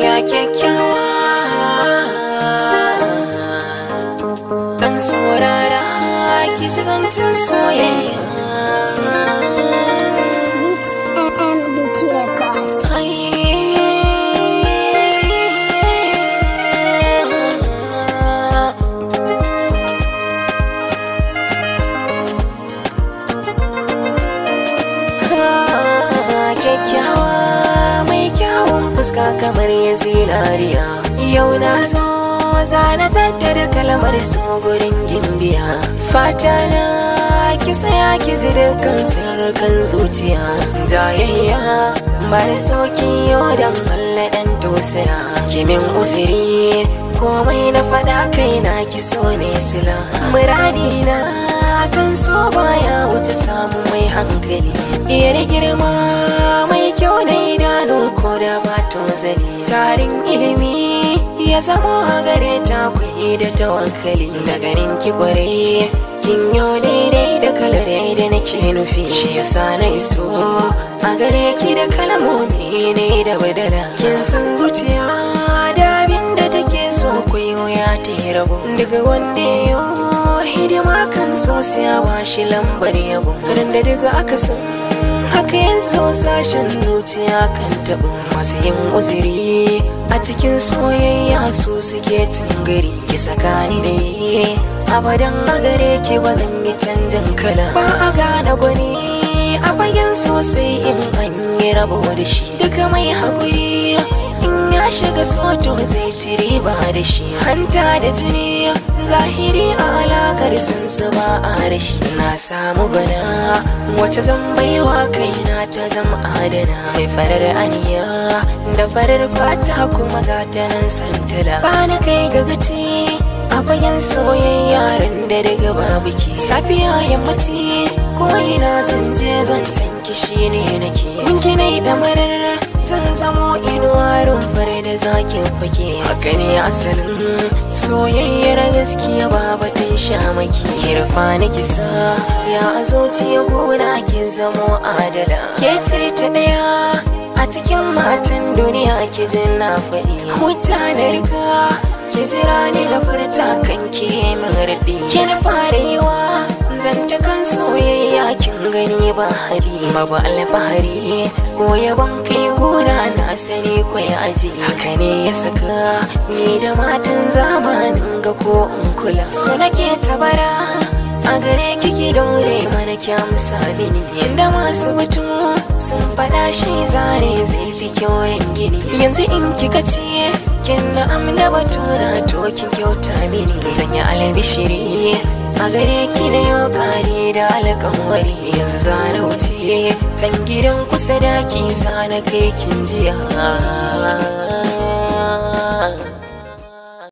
ya kyakkyawa dan saurara ki zantin soyayya iska kamar ya zinariya yau na zo zana zaddar kalmar su gurin gimbiya fata na ki tsaya ki ji dukkan sirrukan zuciya jayayya ba da sauki yau dan Allah tausaya kimin usiri komai na faɗa kai na ki so ne sila murani na kan so baya wuce samu mai hankali iya girma zani tarin ilimi ya zama a gare ta kuyi da tawankali da garin ki kwarai kin yo daidai da kalare da nake nufi shi ya sa na iso a gare ki da kalamomi ne da badala kin san zuciya da abin da take so yi ya ta rabu daga wanne yo hidima kan so siya washi lambar yabo ran da daga aka san haka yin so sashen zuciya kan taɓa masu yin uziri a cikin soyayya su suke gari ki tsakani dai abadan a gare ki ba zan yi canjin kala ba a gane gwani a bayan sosai in an yi rabo da shi duka mai haƙuri shiga soto zai ci riba da shi hanta da jini zahiri a alakar sun ba a rashi na samu gana wace zan baiwa kaina ta zama adana mai farar aniya da farar fata kuma ga tanan santala ba kai ga gaci a fagen soyayya yaran da daga babu ke safiya mati ko ina zan je zan kishi ne nake minki ne da sun zamo inuwa rumfar da zakin fake haka ne asalin soyayyar gaskiya ba batun shamaki kirfa na kisa ya azociya gona kin zamo adala ke ce ta daya a cikin matan duniya ki jin na faɗi hujja na riga ki jira ni na furta kanki bahari hari babu alfahari ko kai gona na sani ko ya aji haka ne ya saka ni da matan zamanin ga ko in kula so nake tabara a gare kiki daure mana kya misali ne inda masu mutum sun fada shi zane zai fi kyaurin gini yanzu in kika ciye? kin na amna batura to kin kyauta mini zan yi a gare ki na yau kare da alƙawari yanzu zana wuce tan gidan kusa da ki zana kai kin jiya